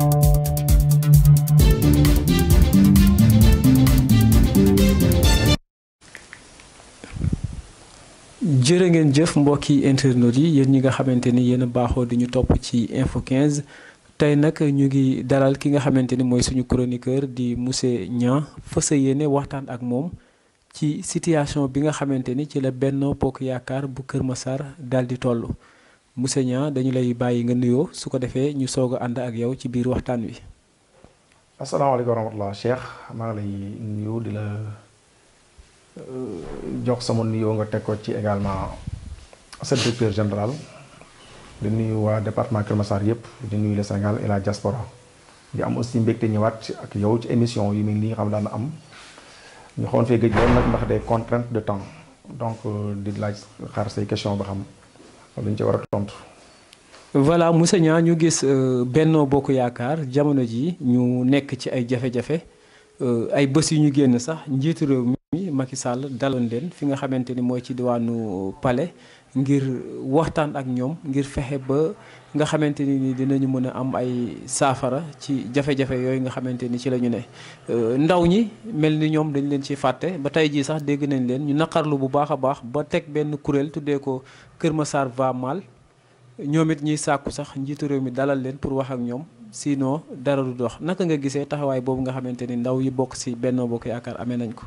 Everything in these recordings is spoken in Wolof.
jërë ngeen jëf mbokki internet yi yéen ñi nga xamante ni yéen baaxoo di ñu topp ci info 15 tey nag ñu ngi daral ki nga xamante ni mooy suñu chroniqueur di monsieur Niang fësa yéene waxtaan ak moom ci situation bi nga xamante ni ci la Benno pok Yaakaar bu Kër Massar daal di toll musenya dañu lay bayyi nga nuyo su ko defee ñu soog and ak yow ci biir waxtaan wi. asalaamaaleykum wa rahmatulah Cheikh ma nga lay nuyo di la euh, jox sama nuyo nga tek ko ci également directeur général di nuyu wa département kermassar yépp di nuyu le Sénégal et la diaspora di am aussi mbékté ñëwaat ak yow ci émission yu mel nii nga xam daan am ñu xon fee gëj loolu nag ndax des contraintes de temps donc euh, di laaj xar say question ba xam. luñ ci war ñu gis euh, Benno Bokk Yaakaar jamono ji ñu nekk ci ay jafe-jafe euh, ay bés yu ñu génn sax njiitu réew mi Macky Sall daloon leen fi nga xamante ni mooy ci diwaanu pale ngir waxtaan ak ñoom ngir fexe ba nga xamante ni dinañu mën a am ay saafara ci jafe-jafe yooyu nga xamante ni ci la ñu ne euh, ndaw ñi mel ni ñoom dañu leen ci fàtte ba tey jii sax dégg nañ leen ñu naqarlu bu baax a baax ba teg benn kuréel tuddee ko Kër Massar va mal ñoom it ñuy sàkku sax njiitu réew mi dalal leen pour wax ak ñoom sinon dara du dox naka nga gisee taxawaay boobu nga xamante ni ndaw yi bokk ci Benno Bokk Yaakaar amee nañ ko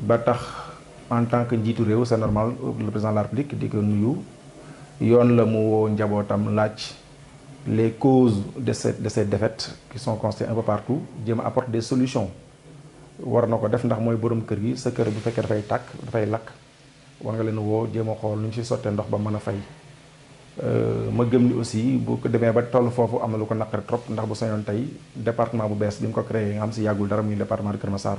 ba tax en tant que njiitu rew c'est normal le président de la République di ko nuyu yon la mu wo njabotam lacc les causes de cette de cette défaite qui sont constatées un peu partout jéem a des solutions war nako def ndax moy borom keur gi sa keur bu fekkee fay tak fay lak war nga len wo jéem a xool nu ñu si ndox ba mën fay euh ma gëm ni aussi bu ko démé ba tollu fofu am na lu ko naqari trop ndax bu sañon tay département bu bes bi ko créé nga am si yagul dara muy département de Kermassar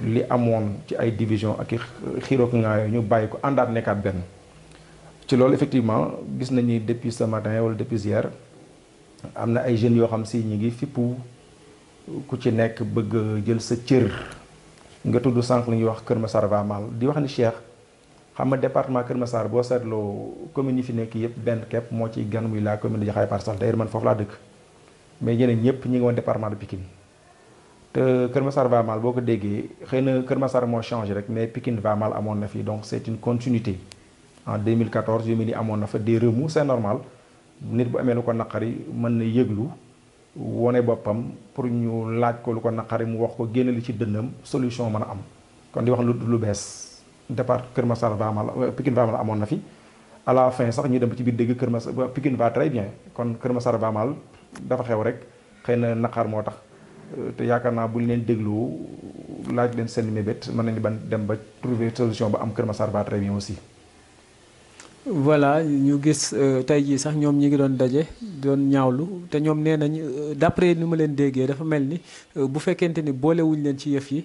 li amone ci ay division ak xirok nga ngaayoo ñu bayiko ko àndaat nekkaat benn ci lool effectivement gis nañ ni depuis ce matin wala depuis hier amna ay jeunes yo xam si ñi ngi fippu ku ci nek bëgg jël sa cër nga tuddu sank li wax Kër Massar va mal di wax ni Cheikh xam nga département Kër Massar bo setlo commune fi nek yépp ben kep mo ci gan muy la commune di xay par Parcelles d'ailleurs man fofu la dëkk mais ñeneen ñëpp ñi ngi won département de Pikine te euh, Massar va mal beaucoup ko déggee xëy na Massar changé rek mais Pikine va mal à na fi donc c'est une continuité en 2014 j'ai mel ni amoon na fa des remous c'est normal nit bu amee lu ko naqari mën na yëglu wone boppam pour ñu laaj ko lu ko naqari mu wax ko génne li ci dënnam solution mën am kon di wax lu lu bees départ Kër Massar va mal euh, Pikine va mal amoon na fi à la fin sax ñu dem ci biir dégg Kër Massar Pikine va très bien kon Kër Massar va mal dafa xew rek xëy na naqar moo tax. Euh, te yaakaar naa bu ñu leen déglu laaj leen seen mébét mën nañu ban dem ba trouver solution ba am Kër Massar va très aussi. voilà ñu gis euh, tey jii sax ñoom ñi ngi doon daje doon ñaawlu te ñoom nee nañ euh, d'après ni ma leen déggee dafa mel ni bu fekkente ni boolewuñ leen ci yëf yi.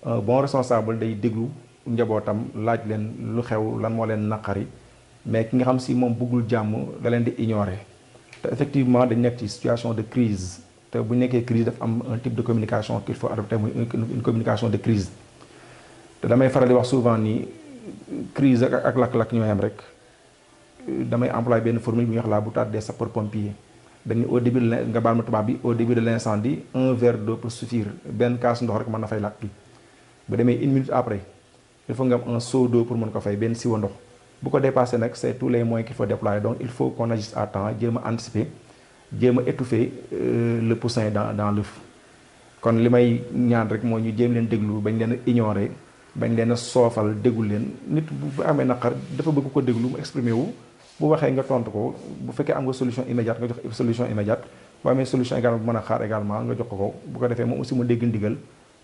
Euh, bon responsable day déglu njabootam laaj len lu xew lan mo len nakari mais ki nga xam si mom bëggul jamm da len di ignorer effectivement dañ nekk ci situation de crise te bu nekkee crise dafa am un type de communication qu'il faut adopter muy une communication de crise te damay faral di wax souvent ni crise ak ak lak lakk ñoo yem rek damay employer ben formule bu ñuy wax la boutade des sapeurs pompiers dañu au début nga bal ma tuba bi au début de l'incendie un verre d'eau pour suffire ben kaas ndox rek man na fay lak ba demee une minute après il faut nga am un seau pour mën ko fay benn siwa bu ko dépassé nag c' est tous les moyens qu'il faut déployer donc il faut qu'on agisse à temps jéem a anticiper jéem a étouffer euh, le poussin dans dans l'œuf kon li may ñaan rek mooy ñu jéem leen déglu bañ leen a ignorer bañ leen a soofal déglu leen nit bu amee naqar dafa bëgg ko déglu mu wu bu waxee nga tontu ko bu fekkee am nga solution immédiate nga jox solution immédiate boo amee solution également bu mën a xaar également nga jox ko ko bu ko defee moom aussi mu dégg ndigal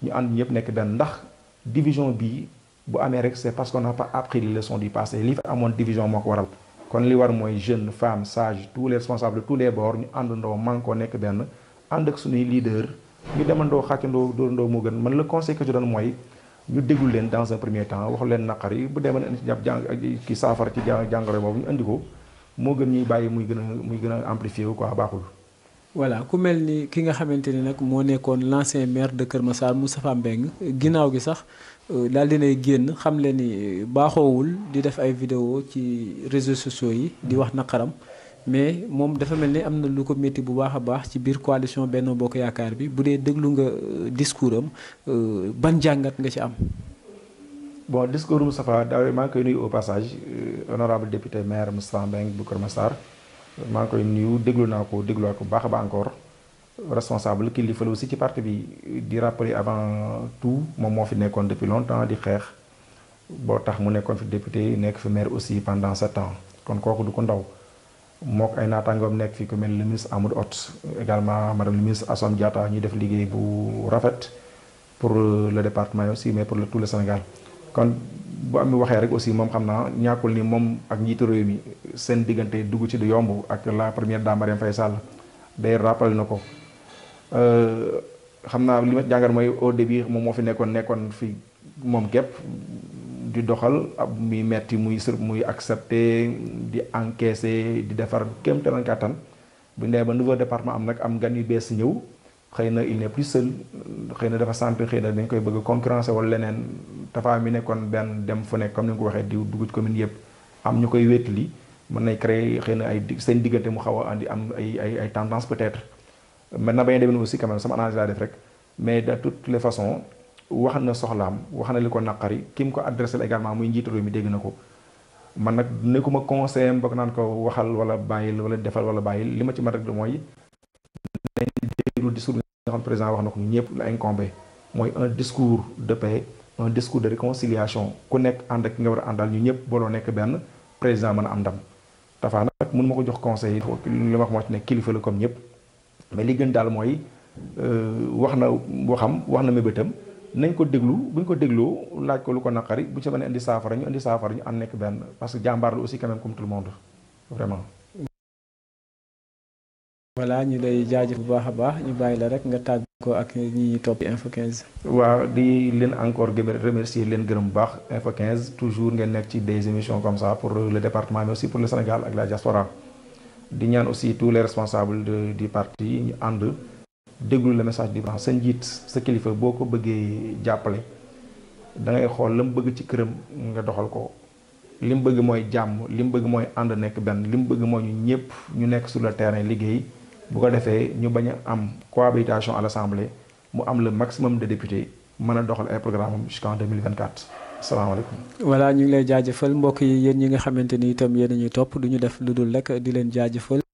ñu ànd ñëpp nekk benn ndax division B bu c'est parce qu'on n'a pas appris les leçons du passé li à division moo waral kon li war moy jeune femme tous les responsables tous les bords ñu nek de ak leader ñu le conseil que je donne moy ñu dans un premier temps wax leen bu ci jàpp ki safar ci jàngoro bobu ñu sont ko gens amplifié voilà ku mel ni ki nga xamante ni nag moo nekkoon l'ancien maire de Kër Massar Moustapha Mbeng ginnaaw gi sax euh, daal dinay génn xam le ni euh, baaxoowul di def ay vidéo ci réseaux sociaux yi di wax naqaram mais moom dafa mel ni am na lu ko métti bu baax a baax ci biir coalition Benno Bokk Yaakaar bi bu dee déglu nga euh, discours am ban jàngat nga ci am bon discours Moustapha daaw maa ngi koy nuyu au passage honorable député maire Moustapha Mbeng bu Kër Massar maa ngi koy nuyu encore responsable kilifa la aussi ci parti bi di rappeler avant tout moment fi depuis longtemps di xeex Je tax député nekk aussi pendant sept ans kon du ko ndaw ay nekk fi mel le ministre Amadou également madame le ministre suis Diatta def liggéey bu pour euh, le département aussi mais pour tout le Sénégal kon bu am waxe rek aussi mom xamna naa ni mom ak njiitu réew mi seen diggante dugg ci du yomb ak la première dame Mariam Faye Sall day rappel nako euh xamna naa li ma au début mom mo fi nekkon nekkon fi mom gep di doxal ab mi metti muy sur muy accepter di encaisser di defar kem tan katan bu ndé ba nouveau département am nak am gan yu ñew xëy na il n'est plus seul xëy na dafa sentir xëy na dañ koy bëgg concurrencer wala leneen Tapha mi nekkoon benn dem fu nekk comme ni nga ko waxee di dugg ci commune yëpp am ñu koy wétali mën nay créer xëy na ay seen diggante mu xaw a andi am ay ay ay tendance peut-être maintenant ba ñu demee aussi quand même sama analyse laa def rek mais de toutes les façons wax na soxlaam wax na li ko naqari ki mu ko adressé également muy njiitu réew mi dégg na ko man nag nekkuma conseil am bokk naan ko waxal wala bàyyil wala defal wala bàyyil li ma ci mën rek mooy discours bi nga président wax nako ñepp ñu ñëpp la incombé mooy un discours de paix un discours de réconciliation ku nek and ak nga wara andal ñu ñepp bo lo nek ben président man am ndam Tafa nak mënu mako jox conseil li wax mo ci nek kilifa le comme ñepp mais li gën dal moy euh waxna waxam waxna na nañ ko déglu buñ ko dégloo laaj ko lu ko naqari bu ci sa mën a indi saafara ñu indi saafara ñu am nek ben parce que jambar la aussi quand même comme tout le monde vraiment voilà ñu lay jaajëf 15. di encore remercier 15 toujours ngeen des émissions comme ça pour le département mais aussi pour le Sénégal ak la diaspora di ñaan aussi tous les responsables du parti ñu ànd déglu le message du président sa njiit sa kilifa boo ko bëggee da ngay la bëgg ci nga doxal ko bëgg bëgg bëgg sur le terrain bu ko defee ñu bañ a am cohabitation à l'Assemblée mu am le maximum de députés mën a doxal ay programme am jusqu'en 2024 asalaamaaleykum voilà ñu ngi lay jaajëfal mbokk yi yéen ñi nga xamante ni itam yéen a ñuy topp du ñu def lu dul rek di leen jaajëfal